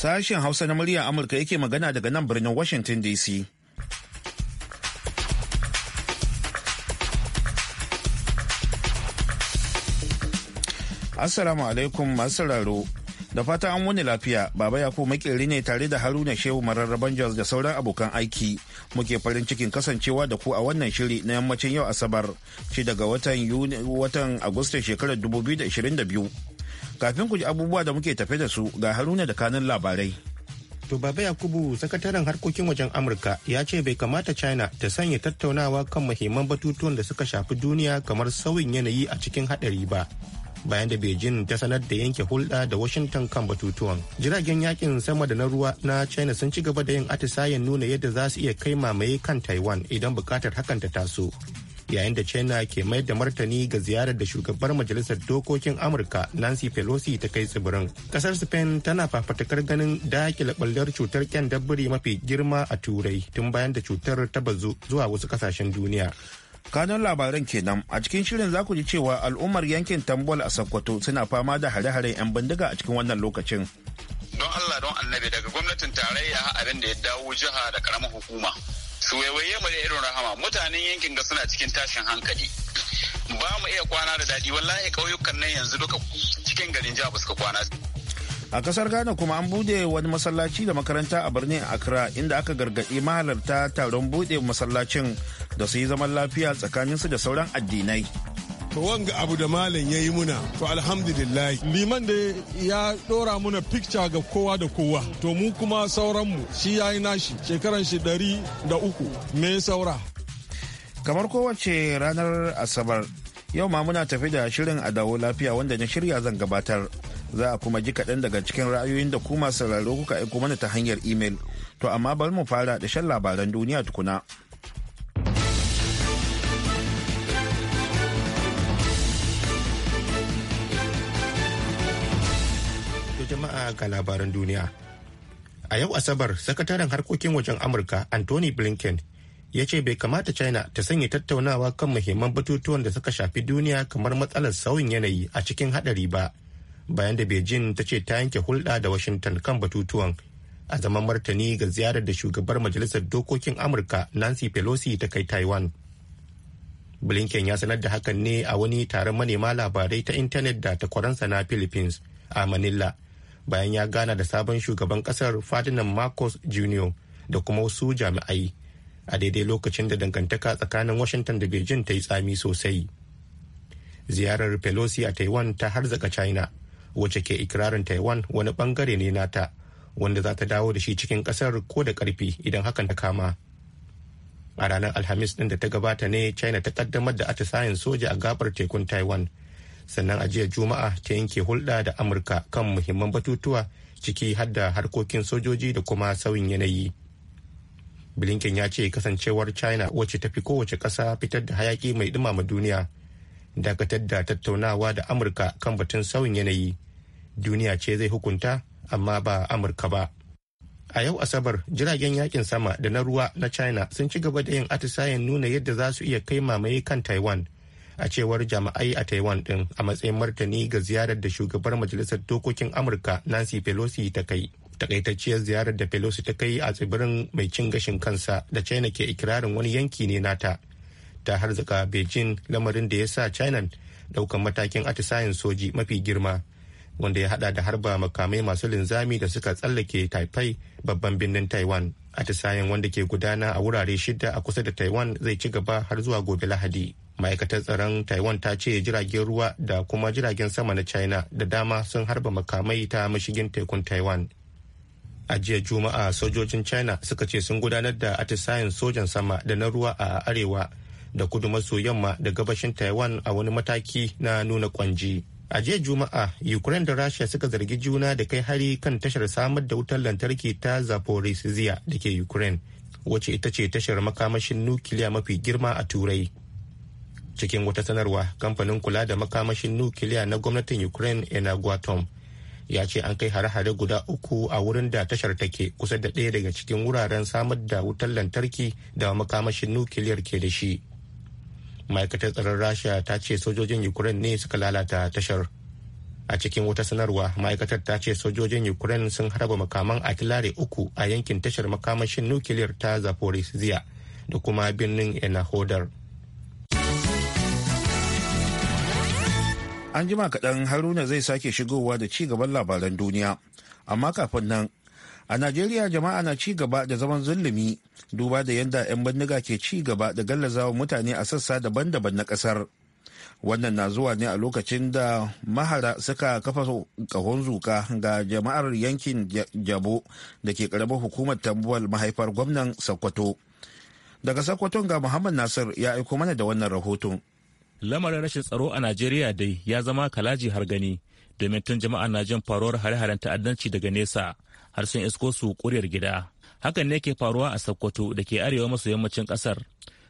Sashen Hausa na murya Amurka yake magana daga nan birnin Washington DC. Assalamu alaikum masu sauraro. Da fata an wani lafiya, Baba ya Yakubu makeri ne tare da Haruna Shehu Mararraban Jos da sauran abokan aiki. Muke farin cikin kasancewa da ku a wannan shiri na yammacin yau Asabar, shi daga watan Agustan shekarar 2022. Kafin ku ji abubuwa da muke tafe da su ga Haruna da kanun labarai. To Baba Yakubu sakataren harkokin wajen Amurka ya ce bai kamata China ta sanya tattaunawa kan muhimman batutuwan da suka shafi duniya kamar sauyin yanayi a cikin haɗari ba. bayan da beijing ta sanar da yanke hulɗa da washington kan batutuwan jiragen yakin sama da na ruwa na china sun ci gaba da yin atisayen nuna yadda za su iya kai mamaye kan taiwan idan bukatar hakan ta taso yayin da china ke mai da martani ga ziyarar da shugabar majalisar dokokin amurka nancy pelosi ta kai tsibirin kasar spain tana fafatakar ganin dakile kwallar cutar kyan dabbiri mafi girma a turai tun bayan da cutar ta bazu zuwa wasu kasashen duniya kanun labaran kenan a cikin shirin za ku ji cewa al'ummar yankin tambol a sokoto suna fama da hare-haren 'yan bindiga a cikin wannan lokacin don allah don annabi daga gwamnatin tarayya abin da ya dawo jiha da karamar hukuma su mu da irin rahama mutanen yankin ga suna cikin tashin hankali ba mu iya kwana da daɗi wallahi ƙauyukan nan yanzu duka cikin garin jihar suka kwana a kasar ghana kuma an bude wani masallaci da makaranta a birnin accra inda aka gargaɗi mahalarta taron bude masallacin da su yi zaman lafiya tsakaninsu da sauran addinai to wanga abu da malam ya yi muna to alhamdulillah liman da ya dora muna picture ga kowa da kowa to mu kuma sauranmu shi ya yi nashi shekaran shi ɗari da uku me saura kamar kowace ranar asabar yau ma muna tafi da shirin a dawo lafiya wanda na shirya zan gabatar za a kuma ji kaɗan daga cikin ra'ayoyin da kuma sauraro kuka aiko mana ta hanyar imel to amma bari mu fara da shan labaran duniya tukuna. haka labaran duniya. A yau Asabar, sakataren harkokin wajen Amurka Anthony Blinken ya ce bai kamata China ta sanya tattaunawa kan muhimman batutuwan da suka shafi duniya kamar matsalar sauyin yanayi a cikin hadari ba, bayan da Beijing ta ce ta yanke hulɗa da Washington kan batutuwan a zaman martani ga ziyarar da shugabar Majalisar Dokokin Amurka Nancy Pelosi ta kai Taiwan. Blinken ya sanar da hakan ne a wani taron manema labarai ta intanet da takwaransa na Philippines a Manila. bayan ya gana da sabon shugaban kasar fadinan marcos jr da kuma wasu jami'ai a daidai lokacin da dangantaka tsakanin washington da beijing ta yi tsami sosai ziyarar pelosi a taiwan ta harzaka china wacce ke ikirarin taiwan wani bangare ne nata wanda za ta dawo da shi cikin kasar ko da karfi idan hakan ta kama a ranar alhamis ɗin da ta gabata ne china ta kaddamar da atisayen soja a gabar tekun taiwan sannan a jiya juma'a ta yanke hulɗa da amurka kan muhimman batutuwa ciki har da harkokin sojoji da kuma sauyin yanayi blinken ya ce kasancewar china wacce ta fi kowace ƙasa fitar da hayaki mai ɗumama duniya dakatar da tattaunawa da amurka kan batun sauyin yanayi duniya ce zai hukunta amma ba amurka ba a yau asabar jiragen yakin sama da na ruwa na china sun ci gaba da yin atisayen nuna yadda za su iya kai mamaye kan taiwan a cewar jami'ai a taiwan din a matsayin martani ga ziyarar da shugabar majalisar dokokin amurka nancy pelosi ta kai takaitacciyar ziyarar da pelosi ta kai a tsibirin mai cin gashin kansa da china ke ikirarin wani yanki ne nata ta harzaka beijing lamarin da ya sa china daukan matakin atisayen soji mafi girma wanda ya hada da harba makamai masu linzami da suka tsallake taipei babban birnin taiwan atisayen wanda ke gudana a wurare shida a kusa da taiwan zai ci gaba har zuwa gobe lahadi ma'aikatar tsaron taiwan ta ce jiragen ruwa da kuma jiragen sama na china da dama sun harba makamai ta mashigin tekun taiwan a jiya juma'a sojojin china suka ce sun gudanar da atisayen sojan sama da na ruwa a arewa da kudu maso yamma da gabashin taiwan a wani mataki na nuna kwanji a jiya juma'a ukraine da rasha suka zargi juna da kai hari kan tashar samar da wutar lantarki ta zaporizhia da ke ukraine wacce ita ce tashar makamashin nukiliya mafi girma a turai cikin wata sanarwa kamfanin kula da makamashin nukiliya na gwamnatin ukraine enagwatom ya ce an kai hare-hare guda uku a wurin da tashar take kusa da ɗaya daga cikin wuraren samar da wutar lantarki da makamashin nukiliyar ke da shi ma'aikatar tsaron rasha ta ce sojojin ukraine ne suka lalata tashar a cikin wata sanarwa ma'aikatar ta ce sojojin ukraine sun harba makaman atilare uku a yankin tashar makamashin nukiliyar ta zaporizhia da kuma birnin enahodar An jima kaɗan Haruna zai sake shigowa da ci gaban labaran duniya. Amma kafin nan, a Najeriya jama'a na ci gaba da zaman zulumi duba da yadda 'yan bindiga ke ci gaba da gallazawa mutane a sassa daban-daban na ƙasar. Wannan na zuwa ne a lokacin da mahara suka kafa ƙahon zuka ga jama'ar yankin Jabo da ke ƙaramar hukumar tambuwal mahaifar gwamnan Sokoto. Daga Sokoton ga Muhammad Nasir ya aiko mana da wannan rahoton. lamarin rashin tsaro a najeriya dai ya zama kalaji har gani domin tun jama'a na jin faruwar hare-haren ta'addanci daga nesa har sun isko su kuryar gida hakan ne ke faruwa a sokoto da ke arewa maso yammacin ƙasar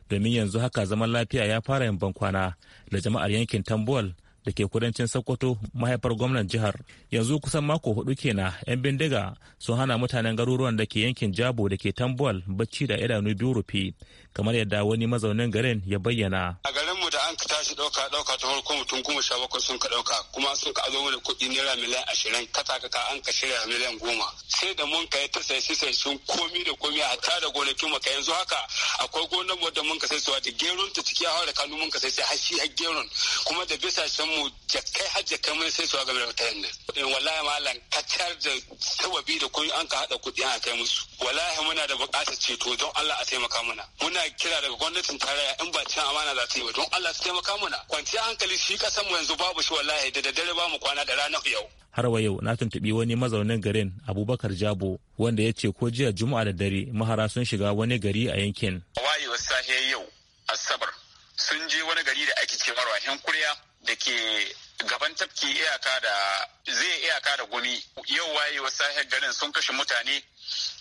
domin yanzu haka zaman lafiya ya fara yin bankwana da jama'ar yankin tambuwal da ke kudancin sokoto mahaifar gwamnan jihar yanzu kusan mako hudu kenan yan bindiga sun hana mutanen garuruwan da ke yankin jabo da ke tambuwal bacci da idanu biyu rufe kamar yadda wani mazaunin garin ya bayyana a garin mu da an ka tashi dauka dauka ta farko mutum goma sha bakwai sun ka dauka kuma sun ka zama mana kuɗi naira miliyan ashirin kata ka an ka shirya miliyan goma sai da mun yi ta sai sai sun komi da komi a tara gonakin mu ka yanzu haka akwai gonar mu da mun ka sai su wata gerun ta ciki hawa da kanu mun ka sai sai har shi gerun kuma da bisa mu jakai har jakai mun sai su ga mai mutanen nan eh, wallahi malam kacar da sababi da kun an ka hada kuɗi an kai musu wallahi muna da bukatar ceto don Allah a taimaka mana muna kira daga gwamnatin tarayya in ba cin amana za ta yi ba don Allah su taimaka mana kwanciyar hankali shi kasan mu yanzu babu shi wallahi da daddare ba mu kwana da ranar yau har wa yau na tuntubi wani mazaunin garin abubakar jabo wanda ya ce ko jiya juma'a da dare mahara sun shiga wani gari a yankin wayewar safe yau asabar sun je wani gari da ake ce marwahin kurya da ke gaban tafki iyaka da zai iyaka da gumi yau waye wa sahiyar garin sun kashe mutane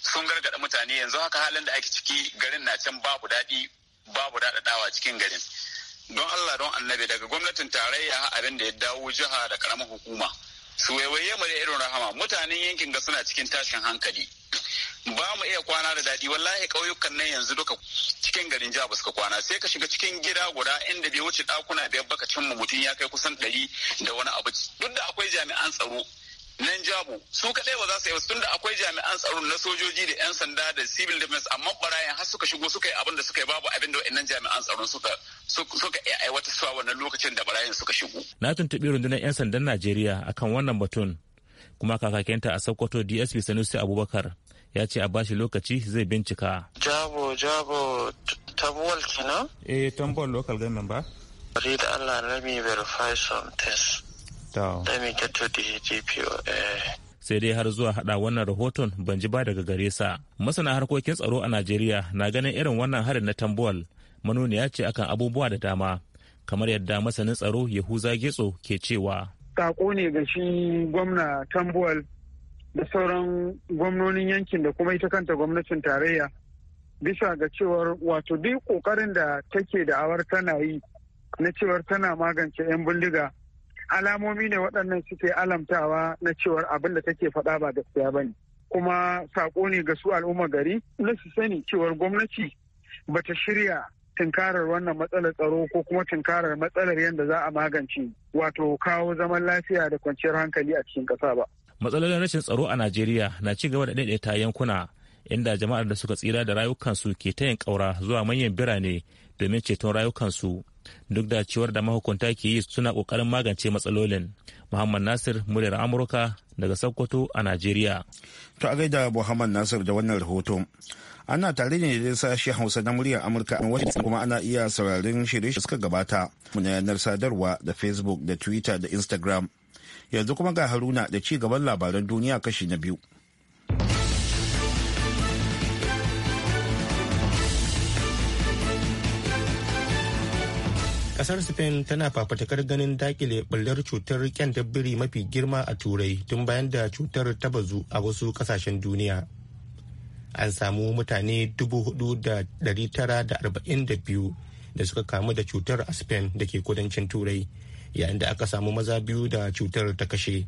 sun gargada mutane yanzu haka halin da ake ciki garin na can babu daɗi babu daɗaɗawa cikin garin don allah don annabi daga gwamnatin tarayya abin da ya dawo jiha da karamar hukuma su waiwaye mu da irin rahama mutanen yankin ga suna cikin tashin hankali ba mu iya kwana da daɗi wallahi ƙauyukan nan yanzu duka akasarin jiha ba suka kwana sai ka shiga cikin gida guda inda bai wuce dakuna biyar baka cimma mutum ya kai kusan ɗari da wani abu duk da akwai jami'an tsaro nan jabu su kadai ba za su yi tunda akwai jami'an tsaro na sojoji da yan sanda da civil defense amma barayan har suka shigo suka yi abin da suka yi babu abin da wa'annan jami'an tsaro suka suka iya aiwata suwa wannan lokacin da barayan suka shigo na tuntuɓi rundunar yan sandan Najeriya akan wannan batun kuma kakakinta a Sokoto DSP Sanusi Abubakar ya ce a bashi lokaci zai bincika. Jabo jabo Tambuwal kenan? Eh, Tambuwal local government ba. Bari da Allah let me verify some things. To. Let me get to the GPO. Eh. sai dai har zuwa hada wannan rahoton ban ji ba daga gare sa masana harkokin tsaro a najeriya na ganin irin wannan harin na tambuwal manoniya ce akan abubuwa da dama kamar yadda masanin tsaro yahuza getso ke cewa sako ne ga shi gwamna tambuwal da sauran gwamnonin yankin da kuma ita kanta gwamnatin tarayya bisa ga cewar wato duk kokarin da take da awar tana yi na cewar tana magance 'yan bindiga alamomi ne waɗannan suke alamtawa na cewar abin da take faɗa ba gaskiya ba ne kuma saƙo ne ga su al'umma gari na su sani cewar gwamnati ba ta shirya tinkarar wannan matsalar tsaro ko kuma tinkarar matsalar yadda za a magance wato kawo zaman lafiya da kwanciyar hankali a cikin ƙasa ba. matsalolin rashin tsaro a najeriya na ci gaba da ɗaiɗaita yankuna inda jama'ar da suka tsira da rayukansu ke ta yin ƙaura zuwa manyan birane domin ceton rayukansu duk da ciwar da mahukunta ke yi suna ƙoƙarin magance matsalolin muhammad nasir muryar amurka daga sokoto a najeriya to a gaida muhammad nasir da wannan rahoto ana tare ne da sashi hausa na muryar amurka a kuma ana iya sauraron shirye suka gabata na yanar sadarwa da facebook da twitter da instagram yanzu kuma ga haruna da ci gaban labaran duniya kashi na biyu kasar spain tana fafatakar ganin dakile bullar cutar dabbiri mafi girma a turai tun bayan da cutar ta bazu a wasu kasashen duniya an samu mutane 4,942 da suka kamu da cutar a spain da ke kudancin turai yayin da aka samu maza biyu da cutar ta kashe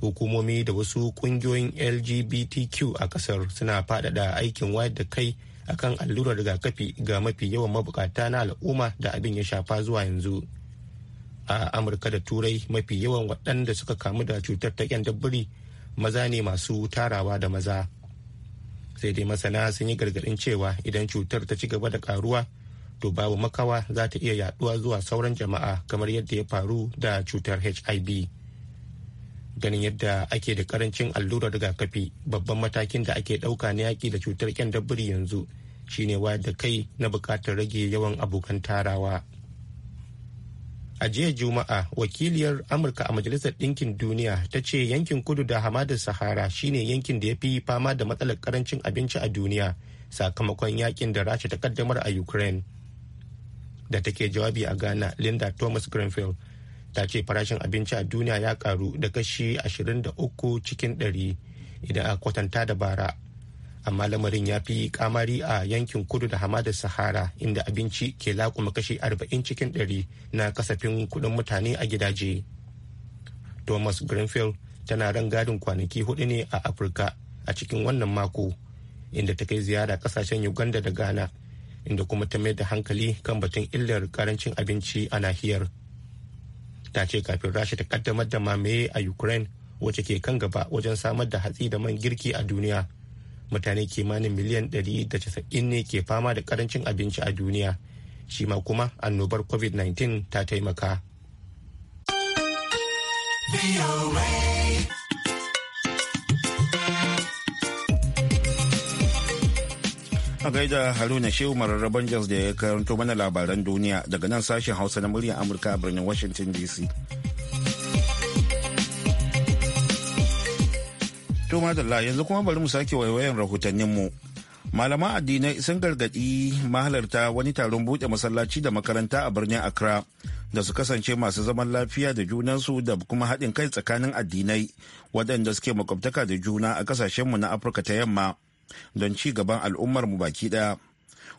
hukumomi da wasu kungiyoyin lgbtq a kasar suna faɗaɗa aikin wayar da kai akan allurar rigakafi ga mafi yawan mabukata na al'umma da abin ya shafa zuwa yanzu a amurka da turai mafi yawan waɗanda suka kamu da cutar ta dabbiri maza ne masu tarawa da maza sai dai masana sun yi gargaɗin cewa idan cutar ta ci gaba da karuwa to babu makawa za ta iya yaɗuwa zuwa sauran jama'a kamar yadda ya faru da cutar hiv ganin yadda ake da karancin allurar rigakafi babban matakin da ake ɗauka na yaki da cutar dabbiri yanzu shine wayar da kai na bukatar rage yawan abokan tarawa a jiya juma'a wakiliyar amurka a majalisar ɗinkin duniya ta ce yankin kudu da hamadar sahara shine yankin da ya fi fama da matsalar karancin abinci a duniya sakamakon yakin da rasha ta kaddamar a ukraine da take jawabi a ghana linda thomas grenfell ta ce farashin abinci a duniya ya karu da kashi 23 cikin 100 idan a kwatanta da bara amma lamarin ya fi kamari a yankin kudu da hamadar sahara inda abinci ke lakuma kashi 40 cikin 100 na kasafin kudin mutane a gidaje thomas greenfield tana ran gadin kwanaki hudu ne a afirka a cikin wannan mako inda ta kai ziyara kasashen uganda da ghana inda kuma ta mai da hankali kan batun illar karancin abinci a nahiyar ta ce kafin rasha ta kaddamar da mamaye a ukraine wacce ke kan gaba wajen samar da hatsi da man girki a duniya mutane kimanin miliyan 190 ne ke fama da karancin abinci a duniya shi ma kuma annobar covid-19 ta taimaka. A gaida Haruna Shehu mararraban Jos da ya karanto mana labaran duniya daga nan sashen Hausa na muryar Amurka a birnin Washington DC. To madalla yanzu kuma bari mu sake waiwayan mu Malaman addinai sun gargadi mahalarta wani taron buɗe masallaci da makaranta a birnin Accra da su kasance masu zaman lafiya da junansu da kuma haɗin kai tsakanin addinai wadanda suke makwabtaka da juna a ƙasashenmu na Afirka ta yamma. don ci gaban al'ummar mu baki daya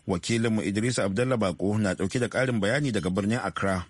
wakilinmu idris abdullah bako na dauke da karin bayani daga birnin accra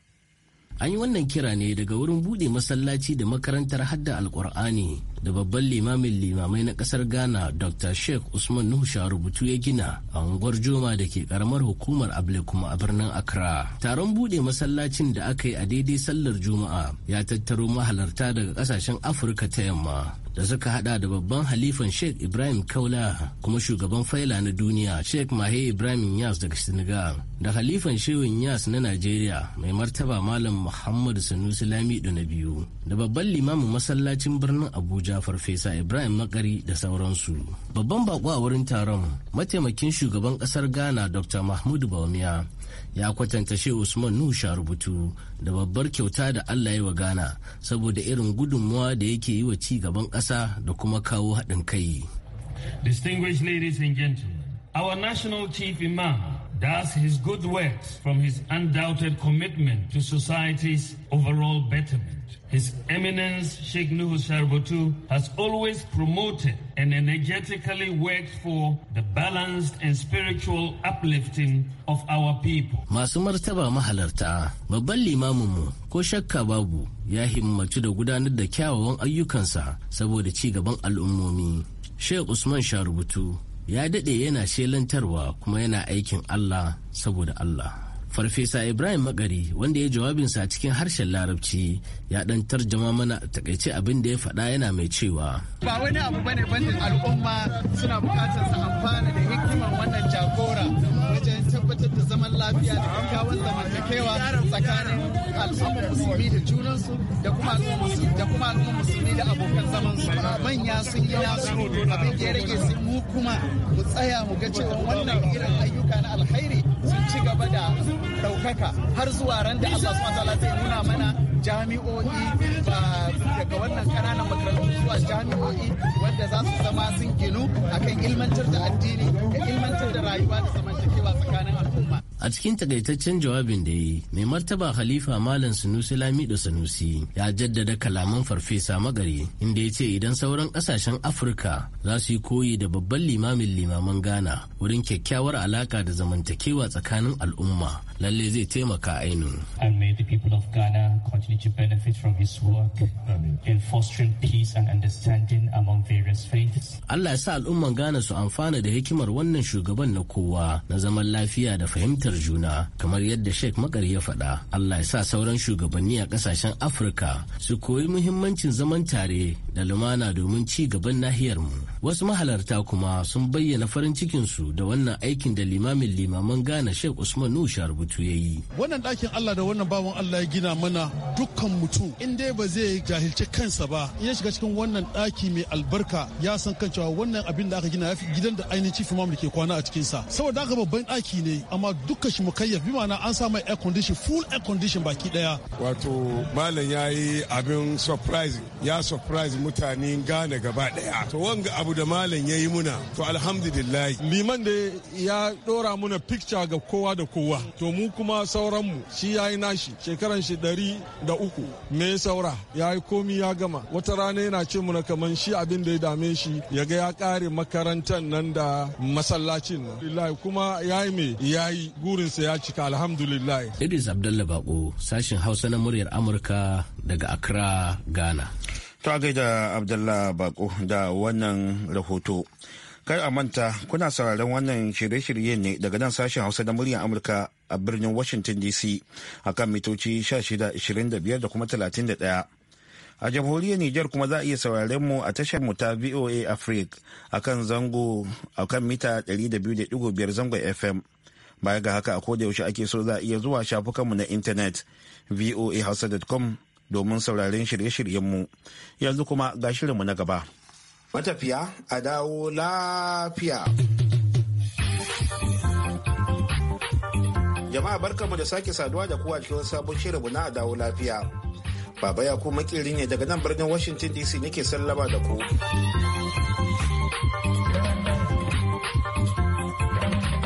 an yi wannan kira ne daga wurin bude masallaci da makarantar hadda alkur'ani da babban limamin limamai na kasar ghana dr sheikh usman nuhu rubutu ya gina a unguwar joma da ke karamar hukumar able kuma a birnin accra taron bude masallacin da aka yi a daidai sallar juma'a ya tattaro mahalarta daga kasashen afirka ta yamma da suka hada da babban halifan sheikh ibrahim kaula kuma shugaban faila na duniya sheikh mahe ibrahim yas daga senegal da halifan shehun yas na nigeria mai martaba malam muhammadu sanusi lamido na biyu da babban limamin masallacin birnin abuja Jafar farfesa ibrahim makari da sauransu babban bako a wurin taron mataimakin shugaban kasar ghana dr mahmud bawumia ya kwatanta shehu usman nusha rubutu da babbar kyauta da allah ya wa ghana saboda irin gudunmuwa da yake yi wa ci gaban kasa da kuma kawo haɗin kai distinguished ladies and gentlemen our national chief imam Thus, his good works from his undoubted commitment to society's overall betterment. His Eminence Sheikh Nuhu Sharbotu has always promoted and energetically worked for the balanced and spiritual uplifting of our people. Masu martaba mahalarta, babban limaminmu ko shakka babu ya himmatu da gudanar da kyawawan ayyukansa saboda ci gaban al'ummomi. Sheikh Usman Sharubutu ya daɗe yana shelantarwa kuma yana aikin Allah saboda Allah. Farfesa Ibrahim Makari wanda ya jawabinsa cikin harshen Larabci ya ɗan tarjama mana takaice abin da ya faɗa yana mai cewa. Ba wani abu bane bandin al'umma suna bukatar su amfana da hikimar wannan jagora wajen tabbatar da zaman lafiya da kyakkyawan zamantakewa tsakanin al'ummar musulmi da junansu da kuma al'umma musulmi da abokan zaman su manya sun yi nasu abin da ya rage su mu kuma mu tsaya mu ga cewa wannan irin ayyuka na alkhairi sun ci gaba da ɗaukaka har zuwa ran da Allah subhanahu nuna mana jami'o'i ah, daga wannan kananan makarantu zuwa jami'o'i wanda za su zama sun ginu akan ilmantar da addini da ilmantar da rayuwa da zamantakewa tsakanin al'umma A cikin takaitaccen jawabin da ya yi, mai martaba Halifa Malam Sunusi Lamido Sanusi ya jaddada kalaman farfesa magari inda ya ce idan sauran kasashen Afirka za su yi koyi da babban limamin limaman Ghana wurin kyakkyawar alaka da zamantakewa tsakanin al'umma. lalle zai taimaka ainihin. And may the people of Ghana continue to benefit from his work in fostering peace and understanding among various faiths. Allah ya sa al'umman Ghana su amfana da hikimar wannan shugaban na kowa na zaman lafiya da fahimtar juna kamar yadda Sheikh Makar ya faɗa. Allah ya sa sauran shugabanni a ƙasashen Afirka su koyi muhimmancin zaman tare da lumana domin ci gaban nahiyar mu Wasu mahalarta kuma sun bayyana farin cikinsu da wannan aikin da limamin limaman Ghana Sheikh Usman nuhu rubuta. rubutu ya yi. Wannan ɗakin Allah da wannan bawan Allah ya gina mana dukkan mutum in dai ba zai jahilci kansa ba in ya shiga cikin wannan ɗaki mai albarka ya san kan cewa wannan abin da aka gina ya fi gidan da ainihin chief imam da ke kwana a cikin sa Saboda haka babban ɗaki ne amma dukkan shi mukayyaf bi ma'ana an sa mai air condition full air condition baki ɗaya. Wato malam ya yi abin surprise ya surprise mutane gane gaba ɗaya. To wanga abu da malam ya yi muna to alhamdulillah. Liman da ya ɗora muna picture ga kowa da kowa. To mu kuma sauranmu shi ya yi nashi shekaran shi ɗari da uku me saura ya yi komi ya gama wata rana yana ce mu na kaman shi abin da ya dame shi ya ga ya kare makarantar nan da masallacin nan kuma ya yi me ya yi gurinsa ya cika alhamdulillah idris abdallah bako sashin hausa na muryar amurka daga accra ghana ta gaida abdallah bako da wannan rahoto kar a manta kuna sauraron wannan shirye-shirye ne daga nan sashen hausa na muryar amurka a birnin Washington DC a kan mitoci 1625 da kuma 31. A jamhuriyar Nijar kuma za a iya sauraren mu a tashar mu ta VOA Africa a akan zango akan mita 200.5 zangon FM. Baya ga haka a koda yaushe ake so za a iya zuwa shafukanmu na intanet voahausa.com domin sauraren shirye-shiryenmu. Yanzu kuma ga shirinmu na gaba. Matafiya a dawo lafiya. Jama'a barkanmu da sake saduwa da kowa cikin sabon shirin shirinmu na dawo lafiya. Baba ya ku makirin ne daga nan birnin Washington DC nake sallama da ku.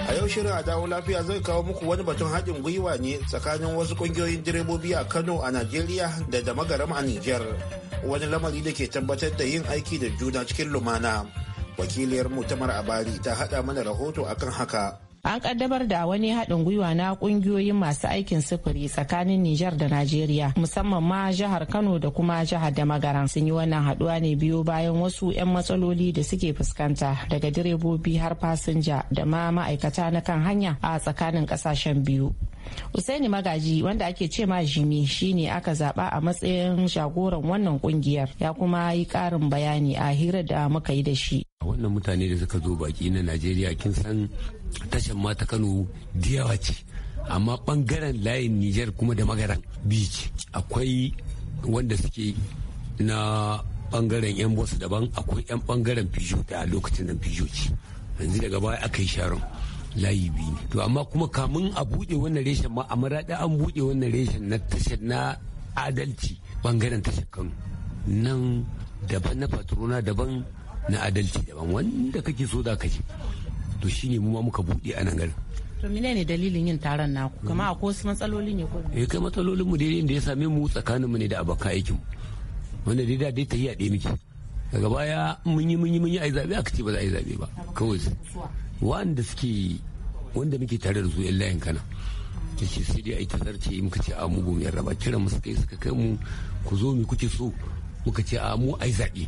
A yau shirin a dawo lafiya zai kawo muku wani batun haɗin gwiwa ne tsakanin wasu ƙungiyoyin direbobi a Kano a Najeriya da da magaram a niger Wani lamari da ke tabbatar da yin aiki da juna cikin lumana. Wakiliyar mu Tamar Abari ta haɗa mana rahoto akan haka. an kaddamar da wani haɗin gwiwa na ƙungiyoyin masu aikin sufuri tsakanin Nijar da Najeriya musamman ma jihar Kano da kuma jihar Damagaran sun yi wannan haɗuwa ne biyo bayan wasu 'yan matsaloli da suke fuskanta daga direbobi har fasinja da ma ma'aikata na kan hanya a tsakanin ƙasashen biyu. usaini magaji wanda ake ce ma jimi shine aka zaba a matsayin jagoran wannan kungiyar ya kuma yi karin bayani a hirar da muka yi da shi wannan mutane da suka zo baki na najeriya kin san tashan mata kano diyawa ce amma bangaren layin niger kuma da magaran beach akwai wanda suke na bangaren yan bosu daban akwai yan bangaren fijo da lokacin nan fijo ce yanzu daga baya aka yi sharon layi biyu ne to amma kuma kamun a buɗe wannan reshen ma a maraɗi an buɗe wannan reshen na tashar na adalci bangaren tashar kano nan daban na patrona daban na adalci daban wanda kake so da kaje to shine mu ma muka buɗe a nan garin to mine ne dalilin yin taron naku kama mm. a ko matsaloli ne ko eh kai matsalolin mu dai da ya same mu tsakanin mu ne da abokan aikin wanda dai da dai tahiya ɗaya muke daga baya mun yi mun yi mun yi yi zabe aka ce ba za a yi zabe ba kawai wanda suke wanda muke tare da su yan layin kana ta ce sai dai a yi ce muka ce a mu gomiyar raba kiran mu kai suka kai mu ku zo mu kuke so muka ce a mu ai zaɓe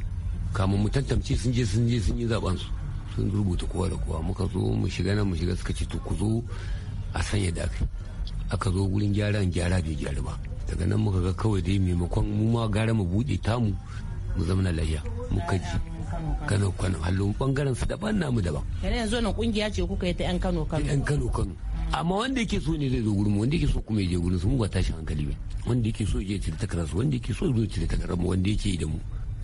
kamun mu tantance sun je sun je sun yi zaɓen su sun rubuta kowa da kowa muka zo mu shiga nan mu shiga suka ce to ku zo a sanya da aka aka zo wurin gyaran gyara bai gyaru ba daga nan muka ga kawai dai maimakon mu ma gara mu buɗe tamu mu zama na lahiya muka ji Kano Kano halin bangaren su daban namu daban Kana yanzu wannan kungiya ce kuka yi ta yan Kano Kano yan Kano Kano amma wanda yake so ne zai zo gurin mu wanda yake so kuma ya je gurin su mu ba tashin hankali ba wanda yake so ya je takarar su wanda yake so zo cire takarar mu wanda yake da mu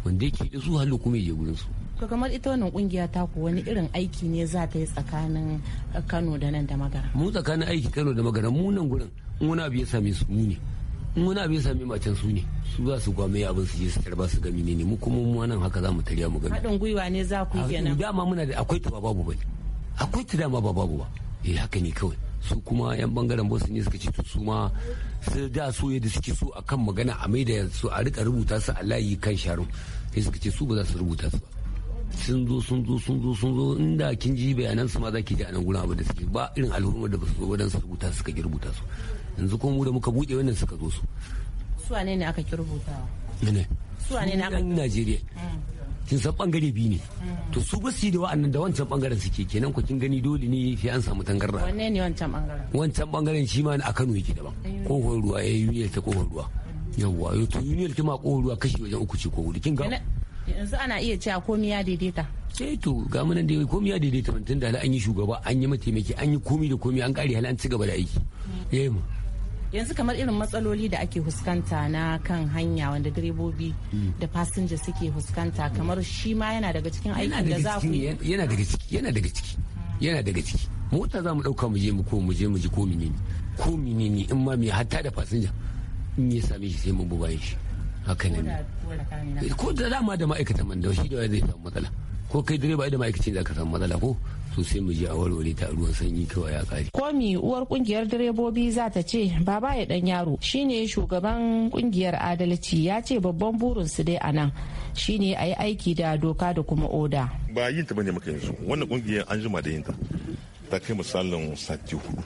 wanda yake da su halin kuma ya je gurin su to kamar ita wannan kungiya ta ku wani irin aiki ne za ta yi tsakanin eh, Kano da nan da Magara mu tsakanin aiki Kano da Magara mu nan gurin muna biya same su mu ne in bin abin sami macen su ne su za su gwame abin su je su tarba su gami ne mu kuma mu nan haka za mu tarya mu gami haɗin gwiwa ne za ku kenan dama muna da akwai ta ba babu bane akwai ta dama ba babu ba eh haka ne kawai su kuma yan bangaren bosu ne suka ce to su ma su da so yadda suke so akan magana a maida su a rika rubuta su a layi kan sharon sai suka ce su ba za su rubuta su ba sun zo sun zo sun zo sun zo inda kin ji bayanan su ma zaki ji anan gurin abu da suke ba irin al'ummar da ba su zo wadan su rubuta suka girbuta su yanzu kuma mu da muka buɗe wannan suka zo su su wane ne aka kirbutawa ne su wane ne aka Najeriya hmm. kin san bangare biyu ne hmm. to su ba su da wa'annan da wancan bangaren suke kenan ku kin gani dole ne sai an samu tangarda wanne ne wancan bangaren wancan bangaren shi ma a Kano yake daban kofar ruwa ya eh, yi ta kofar ruwa hmm. yawwa yau to uniyar kima kofar ruwa kashi wajen uku ce ko hudu kin ga yanzu ana iya cewa komi ya daidaita sai to ga mun da dai komi ya daidaita tun tunda an yi shugaba an yi mataimaki an yi komi da komi an kare hal an ci gaba da aiki mm. yayi mu yanzu kamar irin matsaloli da ake huskanta na kan hanya wanda direbobi mm. da fasinja suke huskanta mm. kamar shi ma yana daga cikin aikin da za ku yana daga ciki yana daga ciki yana daga ciki mota za mu dauka mu je mu ko mu je mu ji ko ne ko ne in ma me hatta da fasinja in ya same shi sai mun bubaye shi haka ne ko da dama da ma'aikatan man da shi da zai samu matsala ko kai direba da ma'aikacin da ka samu matsala ko su sai mu je a warware ta ruwan sanyi kawai ya kare. Komi uwar kungiyar direbobi za ta ce baba ya dan yaro shine shugaban kungiyar adalci ya ce babban burin su dai anan shine a yi aiki da doka da kuma oda. Ba yin ta bane maka yanzu wannan kungiyar an jima da yin ta ta kai misalin sati hudu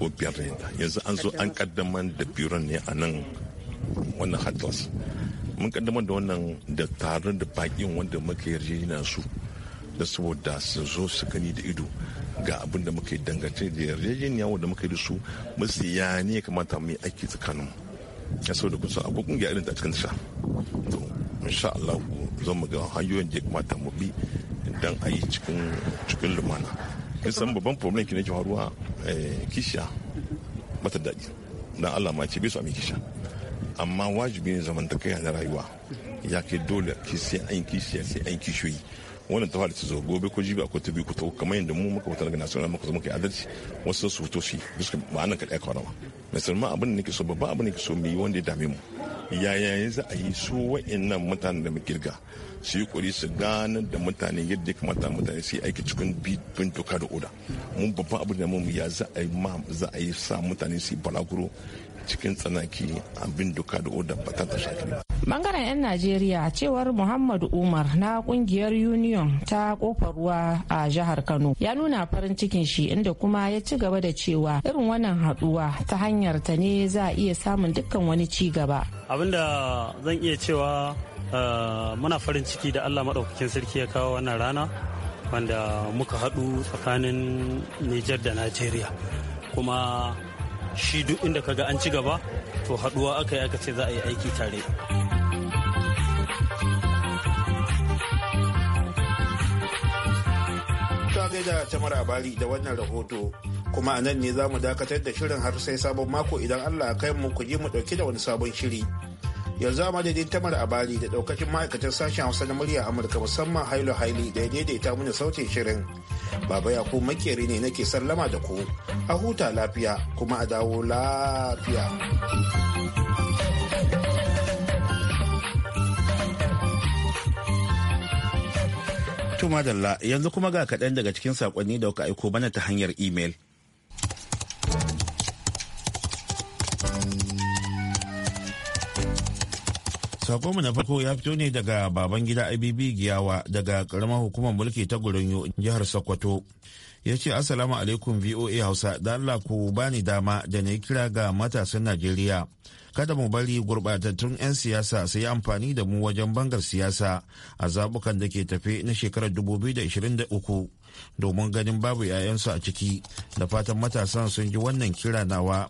ko biyar da yin ta yanzu an zo an kaddamar da biron ne a nan wannan hatlas mun kaddamar da wannan da taron da bakin wanda muka yarjejina su da saboda su zo su gani da ido ga abin da muka yi dangantar da yarjejeniya wanda muka yi da su musu ya ne kamata mu yi aiki tsakanin ya saboda kusa akwai kungiya da ta kansa to insha Allah zan mu ga hanyoyin da ya kamata mu bi dan a yi cikin cikin lumana san babban problem ki ke faruwa eh, kishiya mata daɗi dan Allah ma ce bai su a mai kishiya amma wajibi ne zamantakewa na rayuwa ya ke dole ki sai an kishiya sai an kishiyoyi wannan ta fara zo gobe ko jibi akwai tabi biyu ko ta kamar yadda mu muka fita daga nasarar muka zama muka yi adalci wasu su fito shi bisa ma'anar ka ɗaya kwarawa musamman abin da nake so babban abin da nake so mu yi wanda ya dame mu yaya za a yi su wa'annan mutanen da mu girga su yi kuri su gane da mutane yadda ya kamata mutane su yi aiki cikin bin doka da oda mun babban abin da mu ya za a yi ma za a yi sa mutane su yi balaguro cikin tsanaki abin doka da oda ba ta shafi Bangaren 'yan Najeriya cewar Muhammadu Umar na kungiyar Union ta kofar ruwa a jihar Kano ya nuna farin cikin shi inda kuma ya ci gaba da cewa irin wannan haduwa ta hanyar ta ne za a iya samun dukkan wani ci gaba. Abinda zan iya cewa eh, muna farin ciki da Allah maɗaukakin sarki ya kawo wannan rana wanda muka haɗu tsakanin Nijar da Najeriya kuma shi duk inda kaga an ci gaba to haduwa aka yi aka ce za a yi aiki tare gaida tamar abari da wannan rahoto kuma a nan ne za mu dakatar da shirin har sai sabon mako idan allah kai mu ku ji mu dauki da wani sabon shiri yanzu a madadin tamar abari da daukacin ma'aikatar sashen hausa na murya amurka musamman hailo haili da ya daidaita mana sautin shirin Baba ya ko makeri ne nake sallama da ku. A huta lafiya kuma a dawo lafiya. Tumadalla yanzu kuma ga kaɗan daga cikin saƙonni da kuka aiko mana ta hanyar imel. mu na farko ya fito ne daga baban gida IBB Giyawa daga karamar hukumar mulki ta Gurunyo jihar Sokoto. Ya ce Assalamu alaikum VOA Hausa da Allah ku bani dama da na kira ga matasan Najeriya. Kada mu bari gurbatattun 'yan siyasa su yi amfani da mu wajen bangar siyasa a zabukan da ke tafe na shekarar 2023 domin ganin babu 'ya'yansu a ciki da fatan matasan sun ji wannan kira nawa.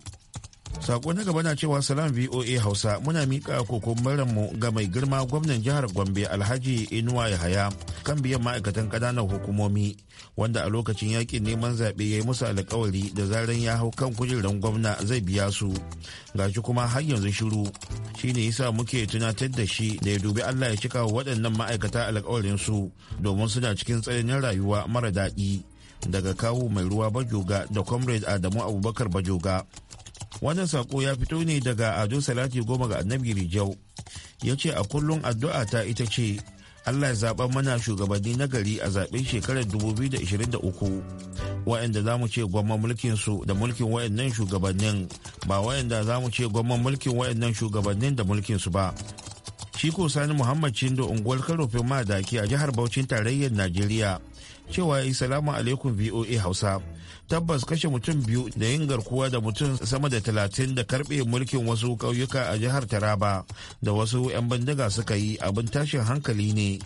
sako na gaba na cewa salam voa hausa muna miƙa kokon mu ga mai girma gwamnan jihar gombe alhaji inuwa yahaya kan biyan ma'aikatan ƙananan hukumomi wanda a lokacin yakin neman zaɓe ya yi musu alkawari da zaren ya hau kan kujerar gwamna zai biya su gashi kuma har yanzu shiru shi shine yasa muke tunatar da shi da ya dubi allah ya cika waɗannan ma'aikata alkawarin su domin suna cikin tsananin rayuwa mara daɗi daga kawo mai ruwa bajoga da comrade adamu abubakar bajoga wannan sako ya fito ne daga ado salati goma ga annabi rijau ya ce a kullum addu'a ta ita ce allah ya zaɓa mana shugabanni na gari a zaɓen shekarar 2023 wa'anda za mu ce gwamnan mulkin su da mulkin wa'annan shugabannin ba wa'anda za mu ce gwamnan mulkin wa'annan shugabannin da mulkin su ba shi ko sani muhammad cindo unguwar karofin madaki a jihar Bauchin tarayyar najeriya cewa ya yi salamu alaikum voa hausa tabbas kashe mutum biyu da yin garkuwa da mutum sama da talatin da karɓe mulkin wasu ƙauyuka a jihar taraba da wasu 'yan bindiga suka yi abin tashin hankali ne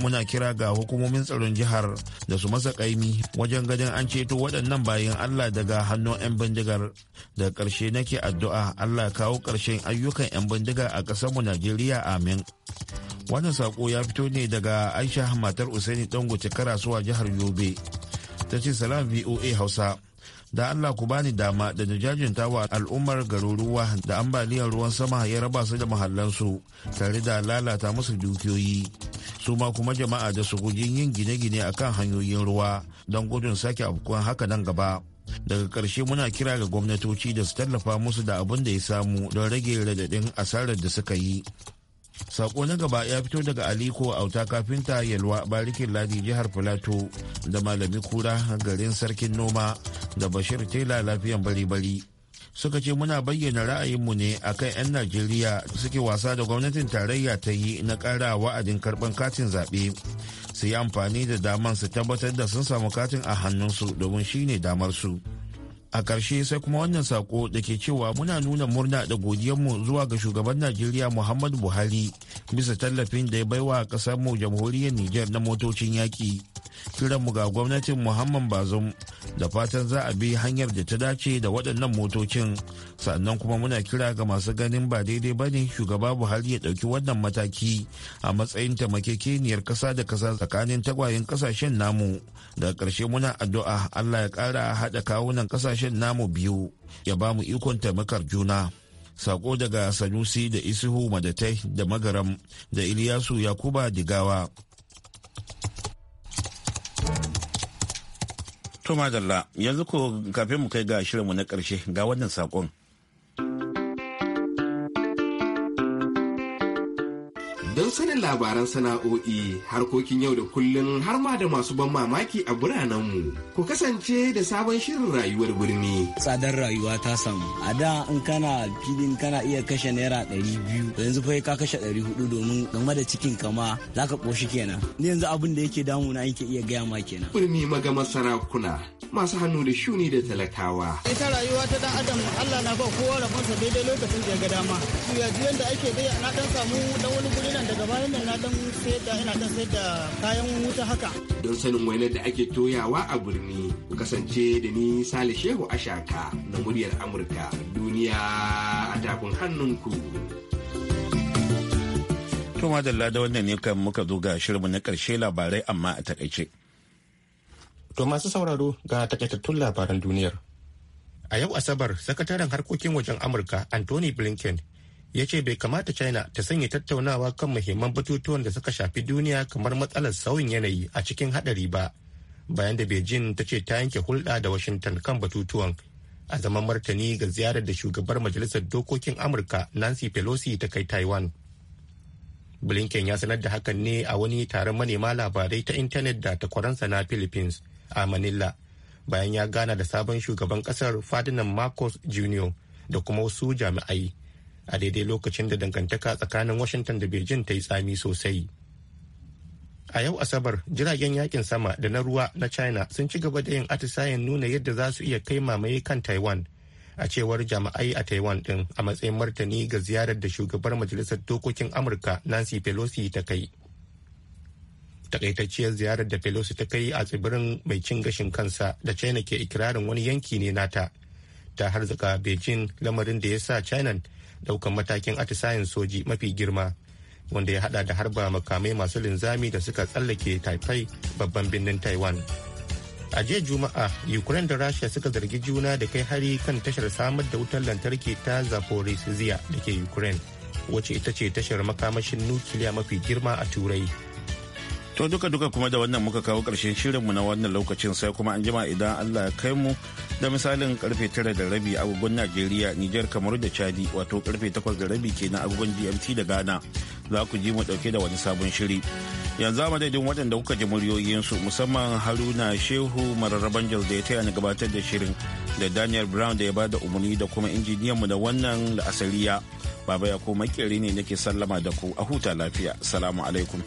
muna kira ga hukumomin tsaron jihar da su masa kaimi wajen gadin an ceto waɗannan bayan allah daga hannun 'yan bindigar da ƙarshe nake addu'a allah kawo ƙarshen ayyukan 'yan bindiga a ƙasarmu najeriya amin wannan sako ya fito ne daga aisha matar usaini dangote karasuwa jihar yobe ta ce salam voa hausa da allah ku bani dama da jajinta wa al'ummar garuruwa da ambaliyar ruwan sama ya raba su da mahallansu tare da lalata musu dukiyoyi su ma kuma jama'a da su guji yin gine-gine a kan hanyoyin ruwa don gudun sake afkuwan haka nan gaba daga ƙarshe muna kira ga gwamnatoci da su tallafa musu da abin da ya samu don rage radadin asarar da suka yi sako na gaba ya fito daga aliko auta kafinta yalwa barikin ladi jihar filato da malami kura garin sarkin noma da bashir tela lafiyan bari-bari suka ce muna bayyana ra'ayinmu ne akan 'yan najeriya suke wasa da gwamnatin tarayya ta yi na ƙara wa'adin karban katin zaɓe su yi amfani da damar su tabbatar da sun samu katin a hannunsu domin shine damar su. a ƙarshe sai kuma wannan sako da ke cewa muna nuna murna da godiyanmu zuwa ga shugaban najeriya muhammadu buhari bisa tallafin da ya baiwa ƙasarmu jamhuriyar Nijar na motocin yaƙi kiranmu ga gwamnatin muhammad bazum da fatan za a bi hanyar da ta dace da waɗannan motocin sannan kuma muna kira ga masu ganin ba daidai ba ne shugaba buhari ya ɗauki wannan mataki a matsayin makekeniyar ƙasa da ƙasa tsakanin tagwayen ƙasashen namu daga ƙarshe muna addu'a allah ya ƙara haɗa kawunan ƙasashen namu biyu ya ba mu ikon taimakar juna sako daga sanusi da isihu madatai da magaram da iliyasu yakuba digawa To madalla yanzu ko kafin mu kai ga shirinmu na ƙarshe ga wannan saƙon. don sanin labaran sana'o'i harkokin yau da kullun har ma da masu ban mamaki a biranenmu. Ku kasance da sabon shirin rayuwar birni. Tsadar rayuwa ta samu. A da in kana filin kana iya kashe naira ɗari biyu yanzu fa ka kashe ɗari hudu domin game da cikin kama za ka ƙoshi kenan. Ni yanzu abin da yake damu na yake iya gaya ma kenan. Birni magama sarakuna masu hannu da shuni da talakawa. Ita rayuwa ta dan adam Allah na ba kowa rabonsa daidai lokacin da ya ga dama. Yanzu yanda ake dai na dan samu dan wani guri na daga bayan nan na dan sayar da ina dan sayar da kayan wuta haka don sanin wainar da ake toyawa a birni ku kasance da ni Salih Shehu Ashaka na muryar Amurka duniya a takun hannunku to madalla da wannan ne kan muka zo ga shirmu na karshe labarai amma a takaice to masu sauraro ga takaitattun labaran duniyar a yau asabar sakataren harkokin wajen amurka anthony blinken ya ce bai kamata china ta sanya tattaunawa kan muhimman batutuwan da suka shafi duniya kamar matsalar sauyin yanayi a cikin hadari ba bayan da beijing ta ce ta yanke hulɗa da washington kan batutuwan a zaman martani ga ziyarar da shugabar majalisar dokokin amurka nancy pelosi ta kai taiwan blinken ya sanar da hakan ne a wani taron manema labarai ta intanet da takwaransa na philippines a manila bayan ya gana da sabon shugaban kasar fadinan marcos jr da kuma wasu jami'ai a daidai lokacin da dangantaka tsakanin washington da beijing ta yi tsami sosai a yau asabar jiragen yakin sama da na ruwa na china sun ci gaba da yin atisayen nuna yadda za su iya kai mamaye kan taiwan a cewar jama'ai a taiwan din a matsayin martani ga ziyarar da shugabar majalisar dokokin amurka nancy pelosi ta kai takaitacciyar ziyarar da pelosi ta kai a tsibirin mai cin gashin kansa da china ke ikirarin wani yanki ne nata ta harzaka beijing lamarin da ya sa china daukan matakin atisayen soji mafi girma wanda ya hada da harba makamai masu linzami da suka tsallake taifai babban birnin taiwan a jiya juma'a ukraine da rasha suka zargi juna da kai hari kan tashar samar da wutar lantarki ta zaporizhia da ke ukraine wacce ita ce tashar makamashin nukiliya mafi girma a turai to duka duka kuma da wannan muka kawo ƙarshen shirinmu na wannan lokacin sai kuma an jima idan allah ya kai mu da misalin karfe tara da rabi agogon najeriya nijar kamar da chadi wato karfe takwas da rabi kenan agogon gmt da ghana za ku ji mu dauke da wani sabon shiri yanzu a madadin waɗanda kuka ji muryoyinsu musamman haruna shehu mararraban jal da ya taya ni gabatar da shirin da daniel brown da ya bada umarni da kuma injiniyanmu da wannan la'asariya baba ya ko makeri ne nake sallama da ku a huta lafiya salamu alaikum